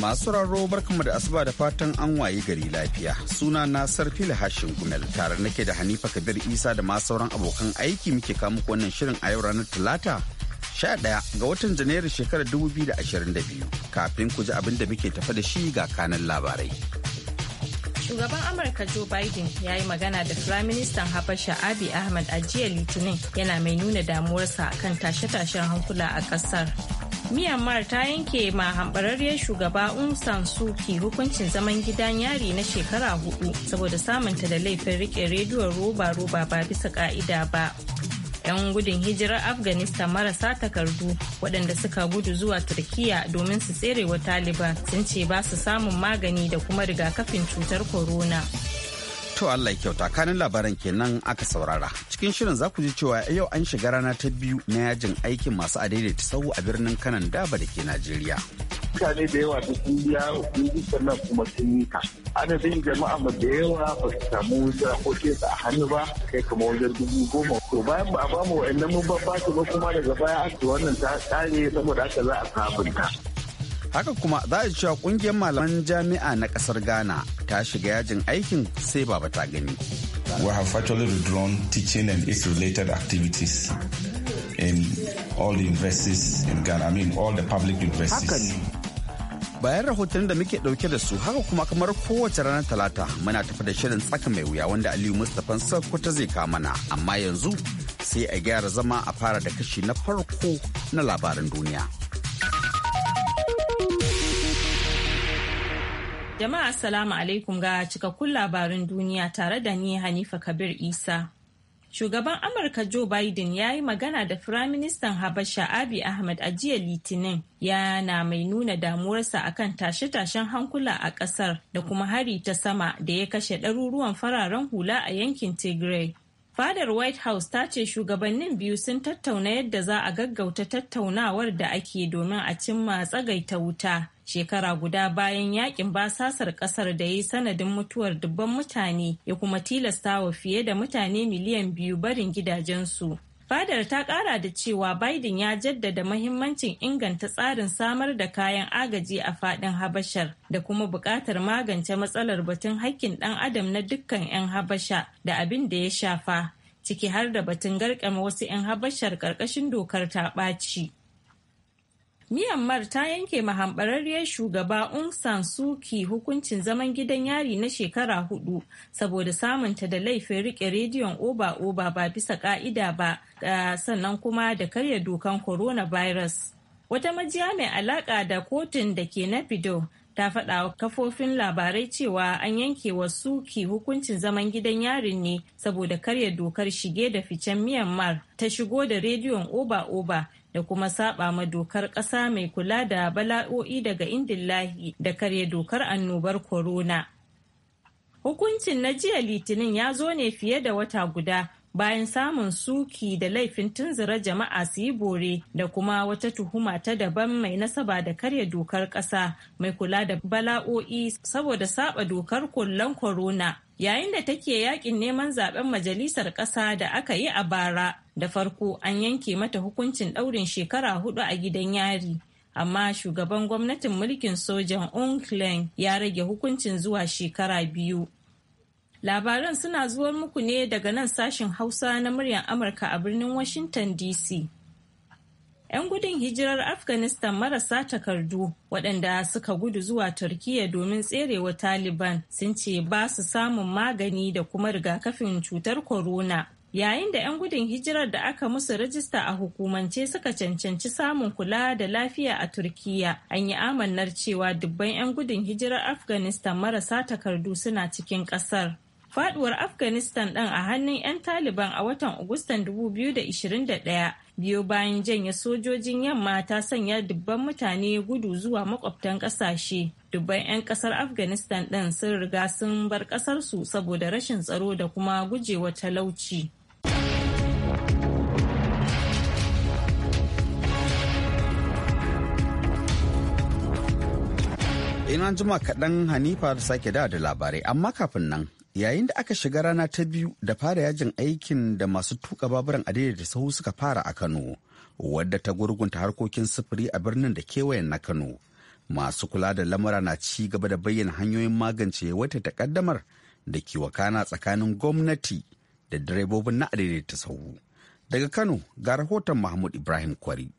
Masu raro barkanmu da asuba da fatan an waye gari lafiya. Suna na da Hashin Gumel tare nake da Hanifa Kabir Isa da ma sauran abokan aiki muke kamu wannan shirin a yau ranar Talata 11 ga watan Janairu shekarar 2022. Kafin ku ji abin da muke tafa da shi ga kanan labarai. Shugaban Amurka Joe Biden ya yi magana da Firaministan Habasha Abiy Ahmed a jiya Litinin yana mai nuna damuwarsa kan tashe-tashen hankula a ƙasar. Myanmar ta yanke ma hambararriyar shugaba Aung San Suu Kyi hukuncin zaman gidan yari na shekara hudu saboda samunta da laifin rike rediyon roba-roba ba bisa ka'ida ba. 'Yan gudun hijirar Afghanistan marasa takardu waɗanda suka gudu zuwa Turkiya domin su tserewa Taliban sun ce ba su samun magani da kuma rigakafin cutar corona. To Allah kyauta kanin labaran kenan aka saurara. Cikin shirin za ku ji cewa yau an shiga rana ta biyu na yajin aikin masu adaidaita sahu a birnin kanan daba da ke Najeriya. Mutane da yawa da sun biya hukumin sannan kuma sun yi ka. Adadin jama'a ma da yawa ba su samu jirakokin a hannu ba kai kama wajen dubu goma. To bayan ba a bamu wa'annan mun ba ba kuma daga baya aka wannan ta tsare saboda haka za a sabunta. haka kuma za a cewa kungiyar malaman jami'a na kasar ghana ta shiga yajin aikin sai baba ta gani we have virtually withdrawn teaching and its related activities in all the universities in ghana i mean all the public universities bayan rahoton da muke dauke da su haka kuma kamar kowace ranar talata muna tafi da shirin tsaka mai wuya wanda aliyu mustapha ta zai kama na amma yanzu sai a gyara zama a fara da kashi na farko na labaran duniya. Jama'a As-Salamu alaikum ga cikakkun labarin duniya tare da ni Hanifa Kabir Isa. Shugaban Amurka Joe Biden ya yi magana da Firaministan Habasha Abi Ahmed a jiya Litinin yana mai nuna damuwarsa a kan tashe-tashen hankula a ƙasar da kuma hari ta sama da ya kashe ɗaruruwan fararen hula a yankin Tigray. Fadar White House ta ce shugabannin biyu sun tattauna yadda za a gaggauta tattaunawar da ake domin a cimma tsagaita wuta shekara guda bayan yakin basasar kasar da ya yi sanadin mutuwar dubban mutane ya kuma tilastawa fiye da mutane miliyan biyu barin gidajensu. fadar ta kara da cewa biden ya jaddada mahimmancin inganta tsarin samar da kayan agaji a fadin habashar da kuma buƙatar magance matsalar batun haƙƙin ɗan adam na dukkan 'yan habasha da abin da ya shafa ciki har da batun garkama wasu 'yan habashar ƙarƙashin dokar ta ɓaci Myanmar ta yanke mahambararriyar shugaba Aung San Suu Kyi hukuncin zaman gidan yari na shekara hudu saboda samunta da laifin rike rediyon oba-oba ba bisa ka'ida ba sannan kuma da karya dokan coronavirus. Wata majiya mai alaka da kotun da ke na Bido ta faɗa kafofin labarai cewa an yanke wa Suki hukuncin zaman gidan yarin ne saboda karya dokar shige da ficen Myanmar ta shigo da rediyon oba-oba da kuma saba ma dokar ƙasa mai kula da bala'o'i daga indillahi da karya dokar annobar corona. Hukuncin na jiya litinin ya zo ne fiye da wata guda bayan samun suki da laifin tunzura jama'a su yi bore da kuma wata tuhuma ta daban mai nasaba da karya dokar ƙasa mai kula da bala'o'i saboda saba dokar kullen corona. yayin da take yakin neman zaben majalisar ƙasa da aka yi a bara da farko an yanke mata hukuncin ɗaurin shekara hudu a gidan yari amma shugaban gwamnatin mulkin sojan unklen ya rage hukuncin zuwa shekara biyu labaran suna zuwar muku ne daga nan sashin hausa na muryar amurka a birnin washington dc 'yan gudun hijirar afghanistan marasa takardu waɗanda suka gudu zuwa Turkiyya domin tserewa taliban sun ce ba su samun magani da kuma rigakafin cutar corona yayin da 'yan gudun hijirar da aka musu rajista a hukumance suka cancanci samun kula da lafiya a Turkiyya, an yi amannar cewa dubban 'yan gudun hijirar afghanistan marasa takardu suna cikin ƙasar faduwar afghanistan ɗin a hannun 'yan taliban a watan agustan 2021 biyo bayan janye sojojin yamma ta sanya dubban mutane gudu zuwa makwabtan ƙasashe dubban 'yan ƙasar afghanistan ɗin sun riga sun bar ƙasarsu saboda rashin tsaro da kuma gujewa talauci ina jima kaɗan hanifa da sake da labarai amma kafin nan yayin da aka shiga rana ta biyu da fara yajin aikin da masu tuka baburan adaidaita da sahu suka fara a kano wadda ta gurgunta harkokin sufuri a birnin da kewayen na kano masu kula da lamura na ci gaba da bayyana hanyoyin magance wata takaddamar da ke wakana tsakanin gwamnati da direbobin na adaidaita sahu daga kano ga rahoton mahmud ibrahim kwari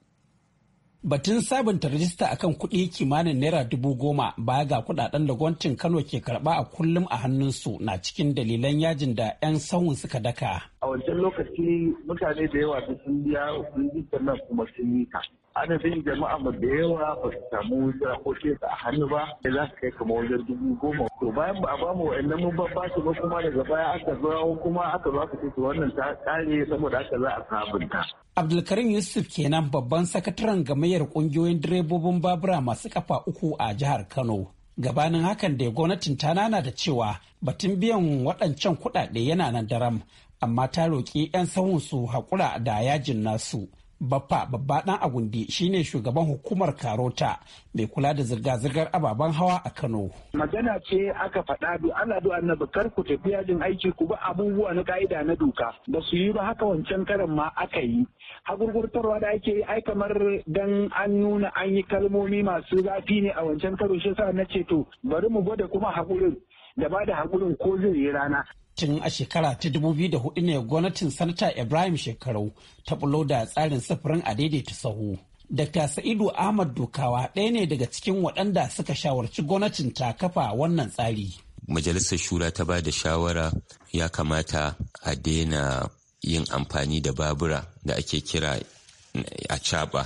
Batun sabunta rajista kan kuɗi kimanin naira dubu goma baya ga kuɗaɗen da gwamnatin Kano ke karɓa a kullum a hannunsu na cikin dalilan yajin da 'yan sahun suka daka. A wancan lokaci mutane da yawa sun biya sun nan kuma sun yi ta. adadin jama'a mu da yawa ba su samu wuta jirakoki a hannu ba da za su kai kama wajen dubu goma to bayan ba a ba mu wa'annan mun ba ba ba kuma daga baya aka zo kuma aka zo aka ce wannan ta kare saboda aka za a sabunta Abdulkarim Yusuf kenan babban sakataren gamayyar kungiyoyin direbobin babura masu kafa uku a jihar Kano. Gabanin hakan da gwamnatin ta nana da cewa batun biyan waɗancan kuɗaɗe yana nan daram, amma ta roƙi 'yan sahun su haƙura da yajin nasu. Baffa babba dan agundi shine shugaban hukumar Karota mai kula da zirga-zirgar ababen hawa a Kano. Magana ce aka faɗa do Allah du annabi kar ku tafi yajin aiki ku ba abubuwa na ka'ida na doka ba su yi ba haka wancan karan ma aka yi. Hagurgurtarwa da ake yi ai kamar dan an nuna an yi kalmomi masu zafi ne a wancan karo shi sa na ce to bari mu gwada kuma haƙurin da ba da haƙurin ko zai yi rana. Tun a shekara ta dubu biyu da hudu ne gwamnatin Sanata Ibrahim Shekarau ta bulo da tsarin sufurin a daidaita sahu. Dr. Sa'idu Ahmad Dokawa ɗaya ne daga cikin waɗanda suka shawarci gwamnatin ta kafa wannan tsari. Majalisar Shura ta ba da shawara ya kamata a daina yin amfani da babura da ake kira a caɓa,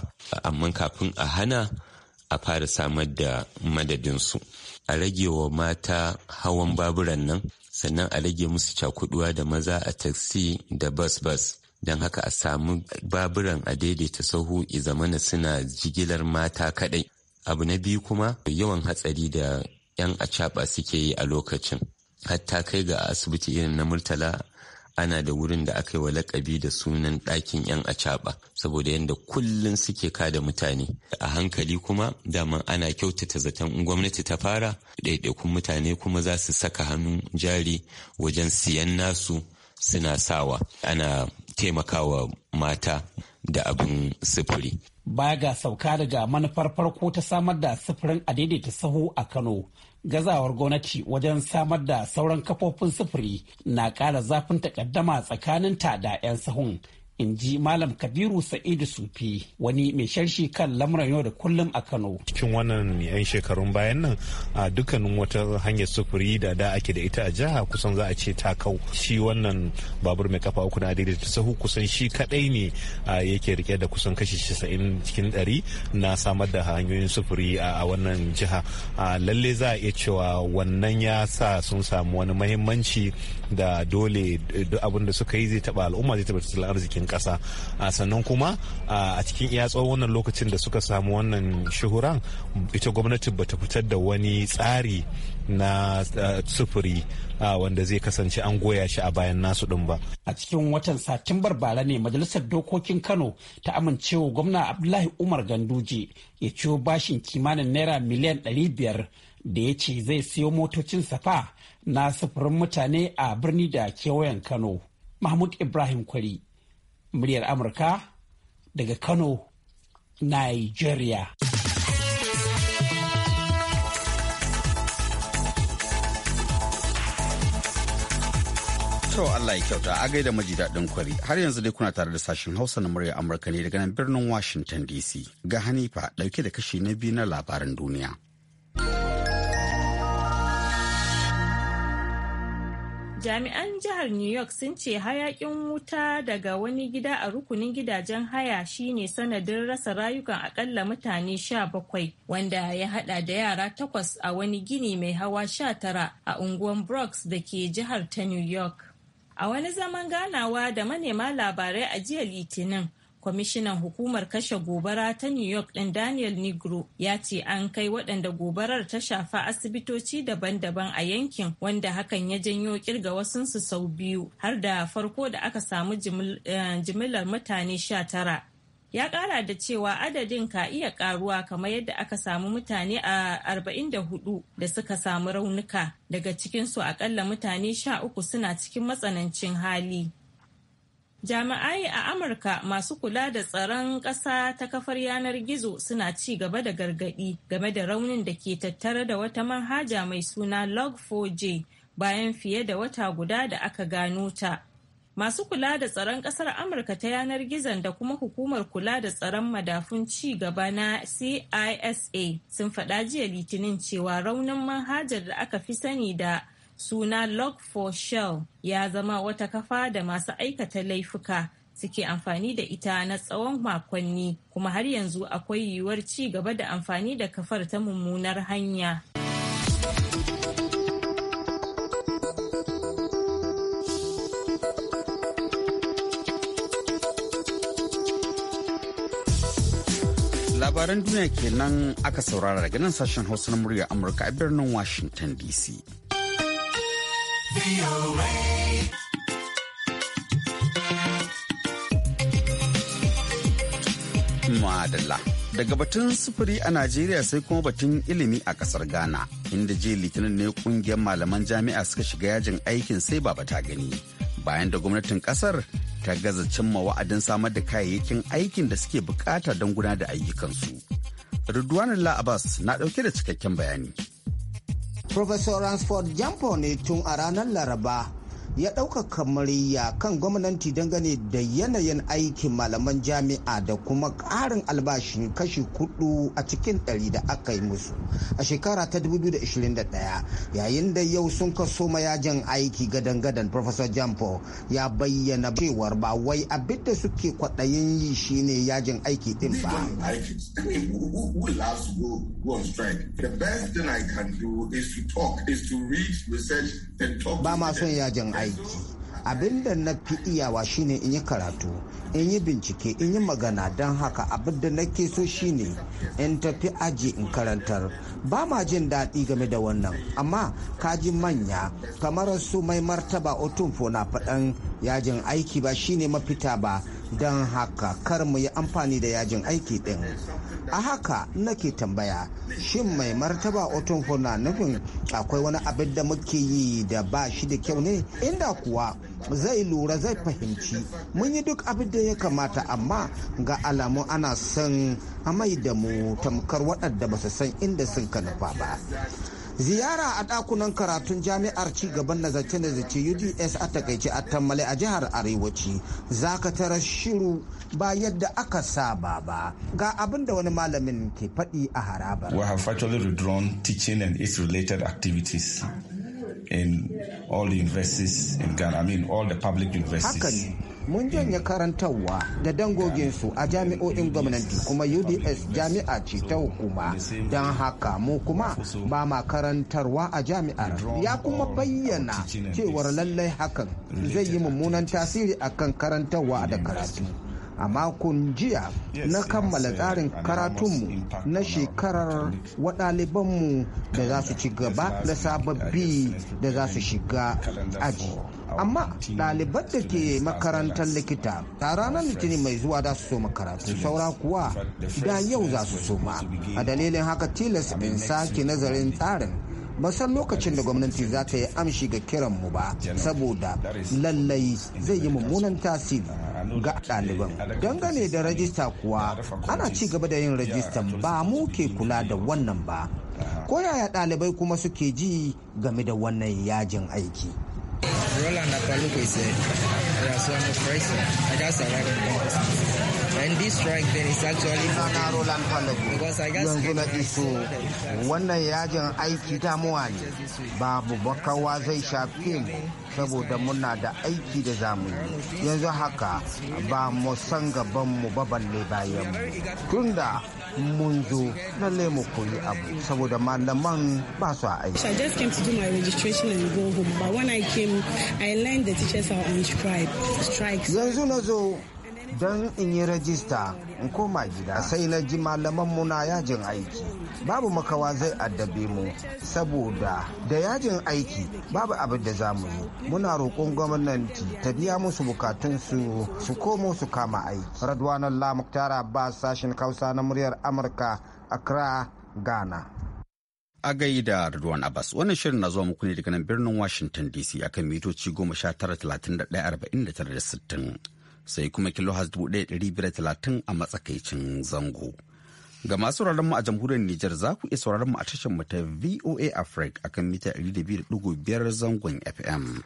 amma kafin a hana a fara samar da madadinsu. a rage wa mata hawan baburan nan sannan a rage musu cakuduwa da maza a taksi da bas-bas don haka a samu baburan a daidaita sahu zamana suna jigilar mata kadai abu na biyu kuma yawan hatsari da 'yan acaɓa suke yi a lokacin hatta kai ga asibiti irin na murtala ana da wurin da aka yi wa lakabi da sunan ɗakin 'yan acaɓa saboda yadda kullum suke kada mutane a hankali kuma daman ana kyautata zaton gwamnati ta fara ɗaiɗaikun mutane kuma za su saka hannu jari wajen siyan nasu suna sawa ana taimakawa mata da abin sufuri. Baya ga sauka daga manufar farko ta samar da sufurin adaidaita saho a Kano, gazawar gwamnati wajen samar da sauran kafofin sufuri na ƙara zafin takaddama ta da 'yan sahun in ji malam kabiru sa'idu sufi wani mai sharshi kan lamuran yau da kullum a kano cikin wannan yan shekarun bayan nan a dukkanin wata hanyar sufuri da da ake da ita a jiha kusan za a ce ta kau shi wannan babur mai kafa uku na da sahu kusan shi kadai ne yake rike da kusan kashi casa'in cikin ɗari na samar da hanyoyin sufuri a wannan jiha lalle za a iya cewa wannan ya sa sun samu wani mahimmanci da dole eh, duk abin da suka yi zai taba al'umma zai taba tattalin arzikin cikin sannan kuma a cikin iya tsawon wannan lokacin da suka samu wannan shuhuran ita gwamnati bata fitar da wani tsari na sufuri wanda zai kasance an goya shi a bayan nasu din ba. A cikin watan satimbar bara ne Majalisar Dokokin Kano ta amincewa gwamna Abdullahi Umar Ganduje ya ciwo bashin kimanin naira miliyan 500 da ya ce zai siyo motocin safa na sufurin mutane a birni da kewayen Kano. Mahmud Ibrahim Kwari, muryar amurka daga kano nigeria Sau Allah ya kyauta a gaida maji daɗin kwari har yanzu dai kuna tare da sashen Hausa na murya Amurka ne daga nan birnin Washington DC ga Hanifa ɗauke da kashi na biyu na labaran duniya. jami'an jihar new york sun ce hayakin wuta daga wani gida a rukunin gidajen haya shine sanadin rasa rayukan akalla mutane 17, wanda ya hada da yara takwas a wani gini mai hawa 19, a unguwan bronx da ke jihar ta new york a wani zaman ganawa da manema labarai a jiya litinin kwamishinan hukumar kashe gobara ta new york ɗin daniel negro ya ce an kai waɗanda gobarar ta shafa asibitoci daban-daban a yankin wanda hakan ya janyo kirga wasunsu sau biyu har da farko da aka samu eh, jimillar mutane sha tara ya kara da cewa adadin ka iya karuwa kamar yadda aka samu mutane a 44 da suka samu raunuka daga cikinsu akalla mutane 13 suna cikin matsanancin hali Jami'ai a Amurka masu kula da tsaron ƙasa ta kafar yanar gizo suna ci gaba da gargaɗi game da raunin da ke tattare da wata manhaja mai suna Log4j bayan fiye da wata guda da aka gano ta. Masu kula da tsaron ƙasar Amurka ta yanar gizon da kuma hukumar kula da tsaron madafun ci gaba na CISA sun faɗa jiya Litinin cewa raunin manhajar da aka fi sani da suna log for shell ya zama wata kafa da masu aikata laifuka suke amfani da ita na tsawon makonni kuma har yanzu akwai yiwuwar ci gaba da amfani da kafar ta mummunar hanya. Labaran duniya kenan aka saurara daga nan sashen hausa na murya Amurka a birnin Washington DC. Madalla. Daga batun sufuri a Najeriya sai kuma batun ilimi a kasar Ghana, inda je litinin ne kungiyar malaman jami'a suka shiga yajin aikin sai ba ta gani. Bayan da gwamnatin kasar ta gaza cimma wa'adin samar da kayayyakin aikin da suke bukata don gudanar da ayyukansu. Ridwanullah Abbas na ɗauke da cikakken bayani. Professor Ransford Jampo ne tun a Laraba ya ɗaukaka ya kan gwamnati dangane da yanayin aikin malaman jami'a da kuma ƙarin albashin kashi kudu a cikin ɗari da aka yi musu a shekara ta 2021 yayin da yau sun kaso mayajin aiki gadan-gadan professor jampo ya bayyana cewar ba wai abin da suke kwaɗayin yi shine yajin aiki ɗin ba ba ma son yajin aiki aiki da na fi iyawa shine in yi karatu in yi bincike in yi magana don haka abin da nake so shine in tafi aji in karantar ba ma jin daɗi game da wannan amma kaji manya kamar su mai martaba otunfo na faɗan yajin aiki ba shine mafita ba don haka kar mu yi amfani da yajin aiki din a haka nake tambaya shin mai martaba otun na nufin akwai wani abin da muke yi da ba shi da kyau ne inda kuwa zai lura zai fahimci mun yi duk abin da ya kamata amma ga alamu ana son amai da mu tamkar waɗanda ba su san inda sun ka nufa ba ziyara a ɗakunan karatun jami'ar ci gaban na zace uds a takaice a tammale a jihar arewaci zaka tara shiru ba yadda aka saba ba ga abin da wani malamin ke faɗi a harabar we have actually redrawn teaching and its related activities in all the universities in ghana i mean all the public universities Hakan. mun janye karantarwa da dangoginsu a jami'o'in gwamnati kuma uds jami'a ce ta hukuma don haka mu kuma ba ma karantarwa a jami'ar ya kuma bayyana cewar lallai hakan zai yi mummunan tasiri a kan karantarwa da karatu a makon jiya na kammala tsarin karatunmu na shekarar waɗalibanmu da za su ci gaba da sababbi da za su shiga aji amma ɗaliban da ke makarantar likita ta ranar litinin mai zuwa za su soma karatu saura kuwa da yau za su soma a dalilin haka tilas in sake nazarin tsarin ba lokacin da gwamnati za ta yi amshi ga kiranmu ba saboda lallai zai yi mummunan tasiri uh, ga uh, ɗaliban dangane da rajista uh, kuwa ana ci gaba da yin rajista ba mu ke kula da wannan ba uh-huh. ko yaya ɗalibai kuma suke ji game da wannan yajin aiki Roland Apaluku is a Rasuano Fraser. I guess I like him. And this strike then is actually na Because I guess yanzu na iso wannan yajin aiki damuwa ne babu bakawa zai shafe mu saboda muna da aiki da zamu yi yanzu haka ba mu san gaban mu ba balle bayan mu tunda mun zo na mu koyi abu saboda malaman ba su aiki. So I just came to do my registration and go home but when I came I learned the teachers are on strike. Yanzu na zo don in yi rajista in koma gida sai na ji malaman mu na yajin aiki babu makawa zai addabe mu saboda da yajin aiki babu abin da za mu yi muna roƙon gwamnati ta biya musu bukatun su komo su kama aiki radwanan lamuktar abbas sashen kausa na muryar amurka accra ghana a gaida Ridwan Abbas. Wannan shirin na zuwa muku ne daga nan birnin Washington DC akan mitoci tara da sittin. sai kuma kilohas 1530 a matsakaicin zango. Ga masu mu a jamhuriyar Nijar za ku iya sauraron mu a tashar mu ta VOA Africa akan mita 200.5 zangon FM.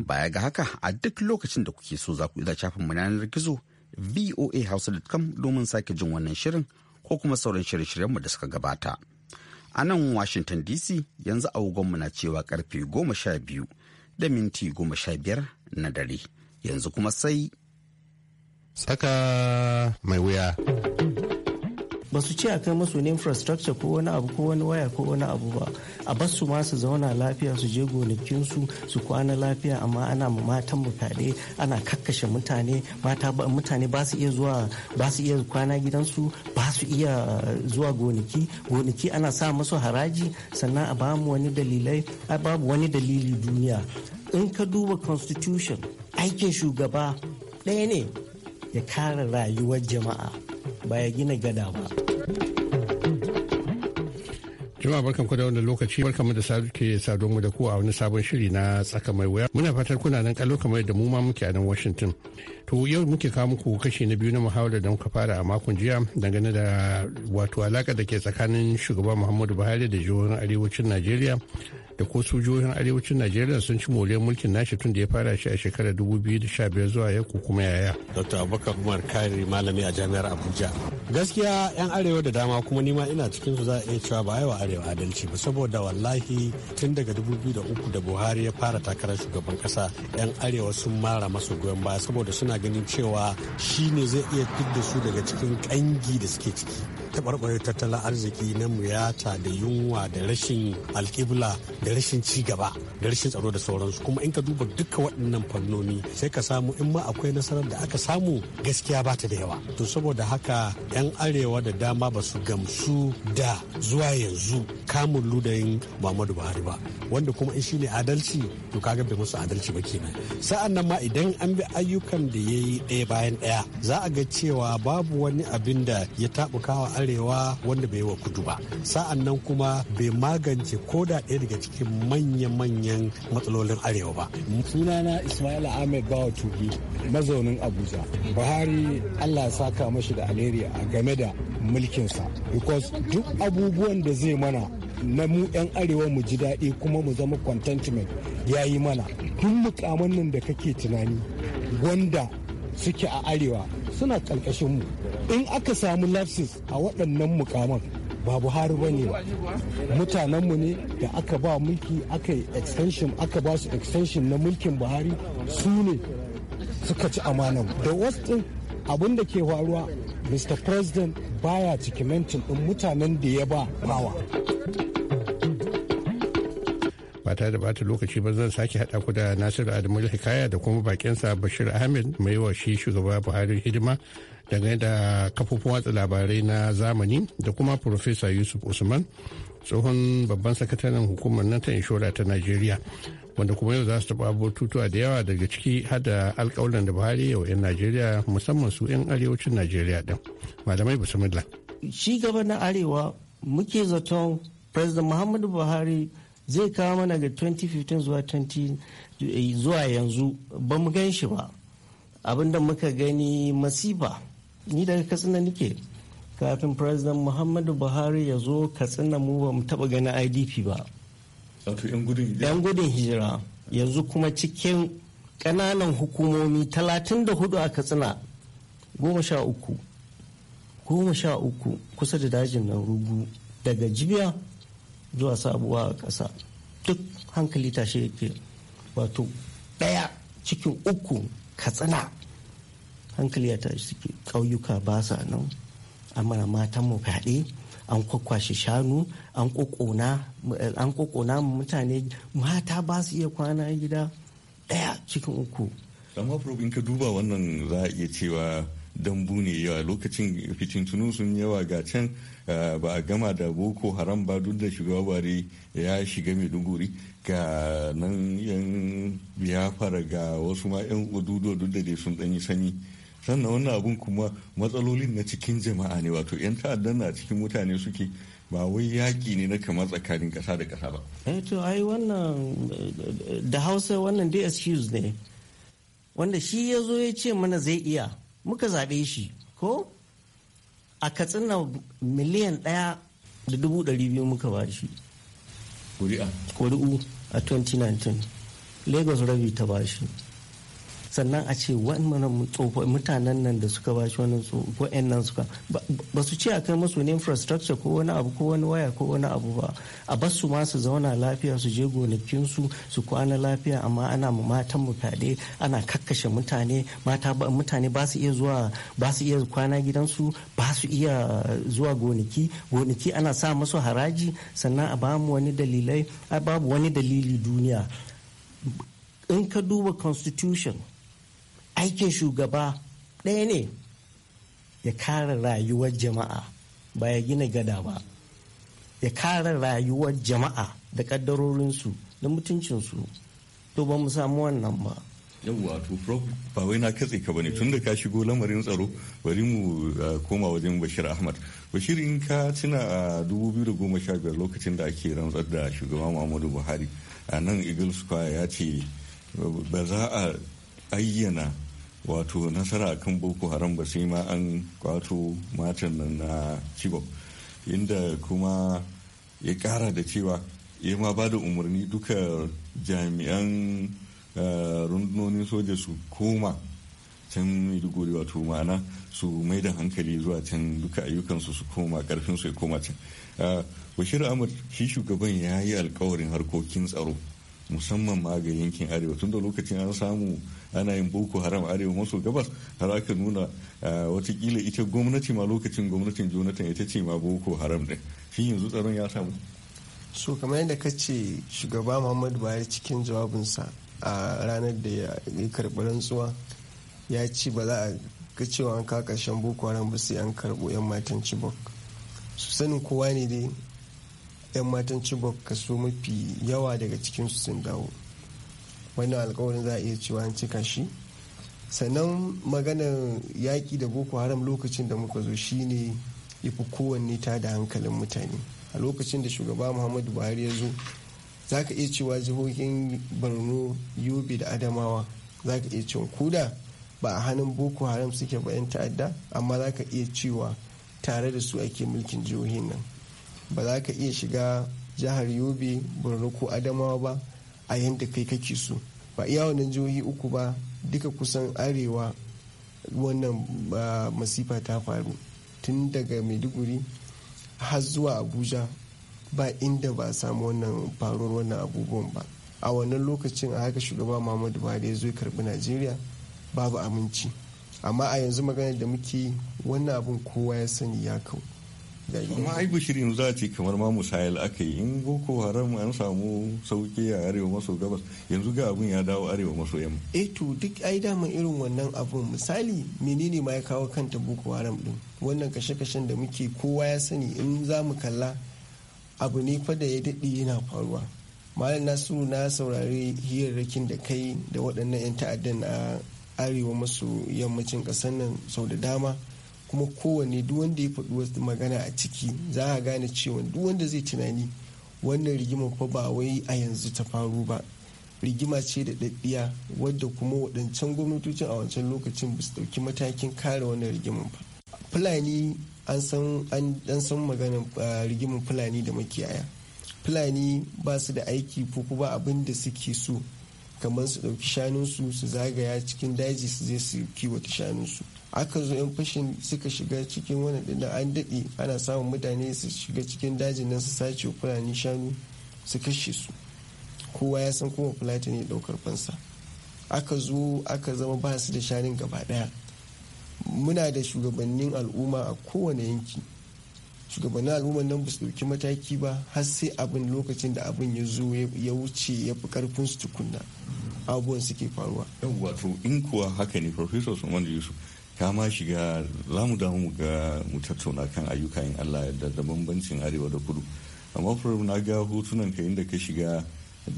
Baya ga haka a duk lokacin da kuke so za ku iya shafin mu yanar gizo voahouse.com domin sake jin wannan shirin ko kuma sauran shirye shiryen mu da suka gabata. A nan Washington DC yanzu mu na cewa karfe goma sha biyu da minti goma sha biyar na dare. Yanzu kuma sai Saka mai wuya. ba su ce a kai masu ne infrastructure ko wani abu ko wani waya ko wani abu ba a bas su ma su zauna lafiya su je gonakinsu su kwana lafiya amma ana ma matan mutane ana kakkashe mutane mata mutane ba su iya zuwa ba su iya kwana gidansu ba su iya zuwa gonaki gonaki ana sa masu haraji sannan a bamu wani dalilai a babu wani dalili duniya in ka duba constitution aikin shugaba ɗaya ne ya kara rayuwar jama'a ba ya gina gada ba. Jama'a barkan ku da wannan lokaci barkan mu da sake sadon mu da ku a wani sabon shiri na tsaka mai wuya. Muna fatar kuna nan kallo kamar da mu ma muke a nan Washington. To yau muke kawo muku kashi na biyu na muhawarar da muka fara a makon jiya dangane da wato alaka da ke tsakanin shugaba Muhammadu Buhari da jihohin arewacin Najeriya da ko sojojin arewacin najeriya sun ci mole mulkin nashi tun da ya fara shi a shekarar 2015 zuwa yau kuma yaya dr abubakar umar kari malami a jami'ar abuja gaskiya yan arewa da dama kuma nima ina cikin su za a iya cewa ba wa arewa adalci ba saboda wallahi tun daga 2003 da buhari ya fara takarar shugaban kasa yan arewa sun mara masa goyon baya saboda suna ganin cewa shi ne zai iya fidda su daga cikin kangi da suke ciki taɓarɓare tattalin arziki na muyata da yunwa da rashin alkibla da rashin ci gaba da rashin tsaro da sauransu kuma in ka duba duka waɗannan fannoni sai ka samu in ma akwai nasarar da aka samu gaskiya ba ta da yawa to saboda haka 'yan arewa da dama ba su gamsu da zuwa yanzu kamun ludayin muhammadu buhari ba wanda kuma in shine adalci to kaga bai musu adalci ba kenan sa'an nan ma idan an bi ayyukan da ya yi ɗaya bayan ɗaya za a ga cewa babu wani abin da ya taɓuka wa arewa wanda bai yi wa kudu ba sa'an nan kuma bai magance ko da ɗaya daga ciki. cikin manya-manyan matsalolin arewa ba. sunana ismail ahmed bawa tubi mazaunin abuja buhari allah ya saka mashi da aleri a game da mulkinsa because duk abubuwan da zai mana na mu 'yan arewa mu ji daɗi kuma mu zama contentment ya yi mana duk mukamman nan da kake tunani wanda suke a arewa suna ƙarƙashin mu in aka samu lapses a waɗannan mukaman ba buhari ba ne ba mutanenmu ne da aka ba mulki aka yi extension aka ba su extension na mulkin buhari su ne suka ci amanan da wasu abin da ke faruwa mr president baya cikin mentin din mutanen da ya ba bawa bata da bata lokaci ba zan sake hada ku da nasiru adamu hikaya da kuma bakinsa bashir ahmed mai wa shi shugaba buhari hidima dangane da kafofin watsa labarai na zamani da kuma Profesa Yusuf Usman tsohon babban sakataren hukumar nan ta inshora ta Najeriya wanda kuma yau za su taɓa abubuwa da yawa daga ciki har da alƙawuran da Buhari yau 'yan Najeriya musamman su 'yan arewacin Najeriya ɗin. Malamai Bismillah. Shi gaba na arewa muke zaton President Muhammadu Buhari zai kawo mana ga 2015 zuwa 20 eh, zuwa yanzu ba mu gan shi ba abinda muka gani masifa ni daga katsina nike kafin president muhammadu buhari ya zo katsina mu ba mu taba ganin idp ba yan gudun hijira yanzu kuma cikin kananan hukumomi 34 a katsina goma sha uku kusa da dajin nan rugu daga jibiya zuwa sabuwa a kasa duk hankali tashe yake wato daya cikin uku katsina hankali ya tashi suke ƙauyuka ba sa nan mana matan mu fyaɗe an kwakwashe shanu an kokona mutane mata ba su iya kwana gida ɗaya cikin uku amma in ka duba wannan za a iya cewa dambu ne yawa lokacin fitintunu sun yawa ga can ba a gama da boko haram ba duk da shiga bare ya shiga maiduguri ga nan yan fara ga wasu ma yan ududo duk da dai sun ɗanyi sanyi sannan wannan abun kuma matsalolin na cikin jama'a ne wato 'yan ta'addan na cikin mutane suke ba wai yaƙi ne na kama tsakanin ƙasa da ƙasa ba. Eh to ai wannan da hausa wannan dai excuse ne wanda shi ya zo ya ce mana zai iya muka zaɓe shi ko a katsina miliyan ɗaya da dubu ɗari biyu muka ba shi. kuri'a kuri'u a 2019 lagos rabi ta ba shi. sannan a ce wannan mutanen nan da suka ba shi wannan nan suka ba su ce a kai masu wani infrastructure ko wani abu ko wani waya ko wani abu ba a bar su ma su zauna lafiya su je gonakinsu su kwana lafiya amma ana ma matan mu fyaɗe ana kakkashe mutane mata mutane ba su iya zuwa ba su iya kwana gidansu ba su iya zuwa gonaki gonaki ana sa masu haraji sannan a bamu wani dalilai babu wani dalili duniya in ka duba constitution aikin shugaba ɗaya ne ya kare rayuwar jama'a ba ya gina gada ba ya kara rayuwar jama'a da ƙaddarorinsu da mutuncinsu to ba mu samu wannan ba yawwa to prof ba wai na katse ka bane tunda ka shigo lamarin tsaro bari mu ah, koma wajen bashir ahmad bashir in ka tuna ah, a 2015 lokacin da ake rantsar da shugaban muhammadu buhari a nan eagle square ya ce ba za a ayyana wato nasara kan boko haram ba sai ma an kwato matan nan na chibok inda kuma ya kara da cewa ya ma ba da umarni duka jami'an eh, rundunonin soja su koma can maiduguri wato ma'ana su mai da hankali zuwa can duka ayyukansu su koma karfin su ya koma can eh, bashir ahmad shi shugaban ya yi alkawarin harkokin tsaro musamman ma ga yankin arewa tunda lokacin an samu ana yin boko haram arewa maso gabas har aka nuna eh, watakila ita gwamnati ma lokacin gwamnatin jonathan ita ce ma boko haram din shi yanzu tsaron ya samu so kamar yadda ka ce shugaba muhammadu buhari cikin jawabinsa a ranar da ya karɓi rantsuwa ya ci ba za a ga cewa an kawo ƙarshen boko haram ba sai an karɓo 'yan matan chibok su sanin kowa ne dai 'yan matan chibok kaso mafi yawa daga cikin su sun dawo wannan alkawarin za a iya cewa an cika shi sannan maganar yaƙi da boko haram lokacin da muka zo shine ifi kowanne ta da hankalin mutane a lokacin da shugaba muhammadu buhari ya zo za ka iya cewa jihohin borno yobe da adamawa za ka iya cewa kuda ba a hannun boko haram suke bayan ta'adda amma za ka iya cewa tare da su ake mulkin jihohin nan ba za ka iya shiga jihar yobe borno ko adamawa ba a yadda kai kake so ba iya wannan jihohi uku ba duka kusan arewa wannan masifa ta faru tun daga maiduguri har zuwa abuja ba inda ba a samu wannan faruwar wannan abubuwan ba a wannan lokacin a haka shugaba muhammadu buhari ya zo ya karbi najeriya babu aminci amma a yanzu maganar da muke wannan abin kowa ya sani ya kau amma ai bashir za a ce kamar ma musayal aka yi in boko haram an samu sauki a arewa maso gabas yanzu ga abun ya dawo arewa maso yamma eh to duk ai dama irin wannan abun misali menene ma ya kawo kanta boko haram din wannan kashe-kashen da muke kowa ya sani in za mu kalla abu ne fa da ya daɗe yana faruwa malam nasiru na saurari hirarrakin da kai da waɗannan 'yan ta'addan a arewa maso yammacin ƙasar nan sau da dama kuma kowanne duk wanda ya faɗi wasu magana a ciki za a gane cewa duk wanda zai tunani wannan rigima fa ba wai a yanzu ta faru ba rigima ce da ɗaɗɗiya wadda kuma waɗancan gwamnatocin a wancan lokacin ba su ɗauki matakin kare wannan rigimar ba fulani an san an san maganar rigimin fulani da makiyaya fulani ba su da aiki ko kuma abin da suke so kamar su ɗauki shanunsu su zagaya cikin daji su je su kiwata shanunsu aka zo yan fashin suka shiga cikin wani ɗin an daɗe ana samun mutane su shiga cikin dajin nan su sace fulani shanu su kashe su kowa ya san kuma fulani ne ɗaukar fansa aka zo aka zama ba su da shanun gaba ɗaya muna da shugabannin al'umma a kowane yanki shugabannin al'umma nan ba su ɗauki mataki ba har sai abin lokacin da abin ya zo ya wuce ya fi karfin su tukunna abubuwan suke faruwa. wato in kuwa haka ne professor sun wanda yusuf kama shiga za mu damu ga mu tattauna kan ayyuka in allah yadda da bambancin arewa da kudu amma furar na ga hotunan ka inda ka shiga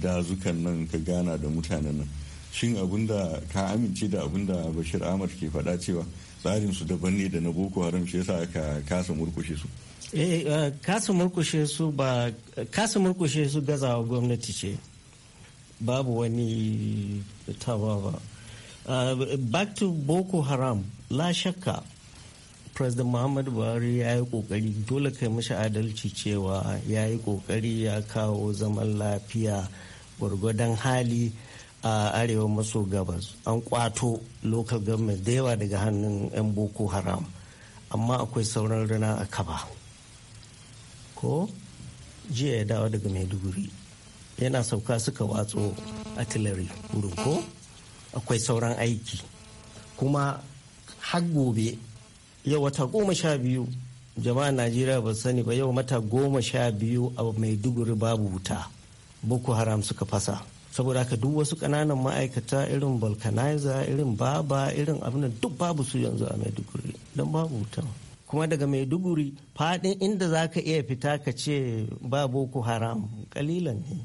dazukan nan ka gana da mutanen nan shin abinda ka amince da abinda bashir ahmad ke faɗa cewa tsarin su daban ne da na boko haram shi yasa aka kasa murkushe su eh, eh kasa murkushe su ba kasa murkushe su gazawa gwamnati ce babu wani tawa ba ah, back to boko haram la shakka president muhammadu buhari ya yi kokari dole kai mashi adalci cewa ya yi kokari ya kawo zaman lafiya gwargwadon hali a arewa maso gabas an kwato local government da yawa daga hannun 'yan boko haram amma akwai sauran rana a kaba ko jiya ya dawo daga maiduguri yana sauka suka watso artillery wurin ko akwai sauran aiki kuma har gobe yau wata goma sha biyu jama'an najeriya ba sani ba yau mata goma sha biyu a maiduguri babu wuta boko haram suka fasa saboda haka duk wasu ƙananan ma'aikata irin balkanizer irin baba irin abin duk babu su yanzu a maiduguri don babu wuta kuma daga maiduguri fadin inda za ka iya fita ka ce ba boko haram kalilan ne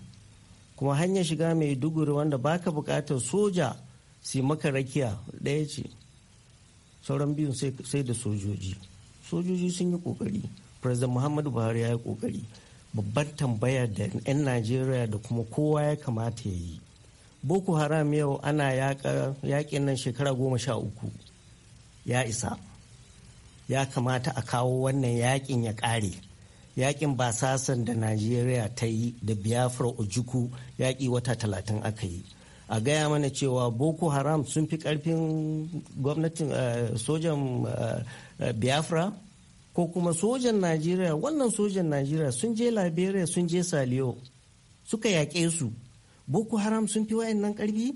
kuma hanyar shiga maiduguri wanda baka bukatar soja suyi maka rakiya ɗaya ce sauran biyun sai da sojoji sojoji sun yi kokari president muhammadu buhari ya yi kokari babban tambaya da 'yan najeriya da kuma kowa ya kamata ya yi boko haram yau ana yaƙin nan shekara goma sha uku ya isa ya kamata a kawo wannan yaƙin ya kare yakin basasan da najeriya ta yi da biafra ojuku yaƙi wata talatin aka yi a gaya mana cewa boko haram sun fi karfin gwamnatin eh, sojan eh, biafra ko kuma sojan najeriya wannan sojan najeriya sun je liberia sun je saliyo suka yaƙe su boko haram sun fi wayannan karfi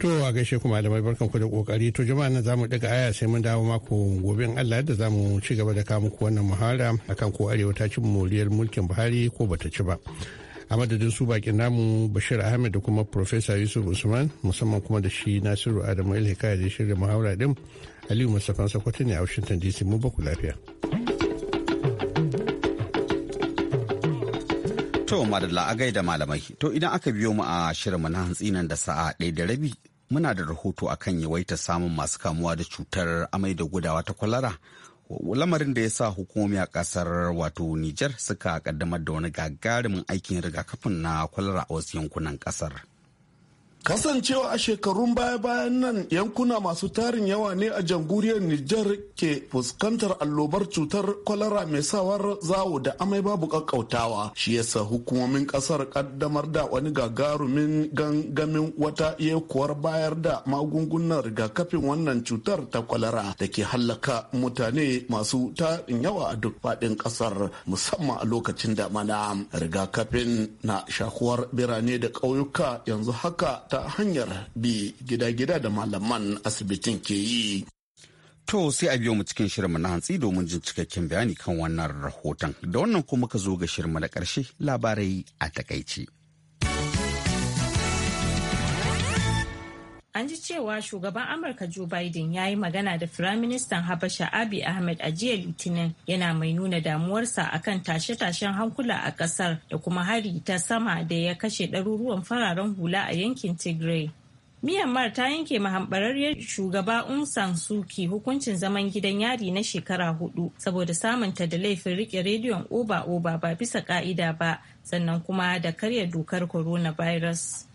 To a gaishe kuma malamai barkan ku da kokari to jama'a nan zamu daga aya sai mun dawo mako gobe in Allah yadda zamu ci gaba da kawo muku wannan muhara akan ko arewa ta ci moriyar mulkin Buhari ko bata ci ba. a madadin su bakin namu bashir ahmed da kuma professor yusuf usman musamman kuma da shi nasiru adamu ilhikaya da shirya muhawara din aliyu mustapha sakwato ne a washington dc mu baku lafiya to madalla a gaida malamai to idan aka biyo mu a shirinmu na hantsi nan da sa'a ɗaya da rabi muna da rahoto akan yawaita samun masu kamuwa da cutar amai da gudawa ta kwalara lamarin da ya sa hukumomi a kasar wato Nijar suka kaddamar da wani gagarumin aikin rigakafin na kwalara a wasu yankunan kasar. Kasancewa a shekarun baya-bayan nan yankuna masu tarin yawa ne a jamhuriyar Nijar ke fuskantar allobar cutar kwalara mai sawar zawo da amai babu kakkautawa. Shi yasa hukumomin kasar kaddamar da wani gagarumin gangamin wata yekuwar bayar da magungunan rigakafin wannan cutar ta kwalara da ke hallaka mutane masu tarin yawa a duk faɗin kasar musamman a lokacin damana. Rigakafin na shakuwar birane da ƙauyuka yanzu haka ta hanyar bi gida-gida da malaman asibitin ke yi. To sai a biyo mu cikin shirinmu na hantsi domin jin cikakken bayani kan wannan rahoton. Da wannan kuma ka zo ga shirinmu na ƙarshe labarai a takaice An ji cewa shugaban Amurka Joe Biden ya yi magana da Firaministan Habasha Abi Ahmed a jiya Litinin yana mai nuna damuwarsa a kan tashe-tashen hankula a ƙasar da kuma hari ta sama da ya kashe ɗaruruwan fararen hula a yankin Tigray. Myanmar ta yanke mahambararriyar shugaba Aung San Suu Kyi hukuncin zaman gidan yari na shekara hudu saboda samunta da laifin rike rediyon oba-oba ba bisa ka'ida ba sannan kuma da karya dokar coronavirus.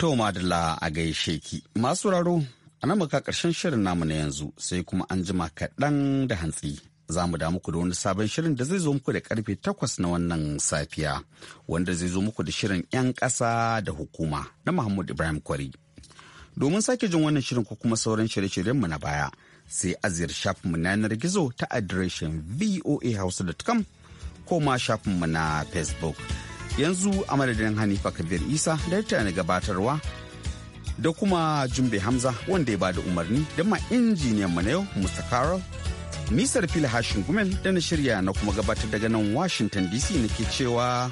To Madalla a gaishe ki. Masu raro, ana maka ƙarshen shirin namu na yanzu sai kuma an jima kaɗan da hantsi. Za mu da muku da wani sabon shirin da zai zo muku da karfe takwas na wannan safiya, wanda zai zo muku da shirin 'yan ƙasa da hukuma na Muhammad Ibrahim Kwari. Domin sake jin wannan shirin ko kuma sauran shirye-shiryenmu na baya, sai a ziyar mu na yanar gizo ta adireshin voahausa.com ko ma shafinmu na Facebook. yanzu a madadin hanifa kabir isa da na gabatarwa da kuma jumbe hamza wanda ya ba da umarni da ma injiniyan mu na yau mr nisar fil hashin gumel da na shirya na kuma gabatar daga nan washington dc nake cewa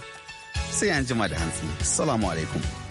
sai an jima da hantsi salamu alaikum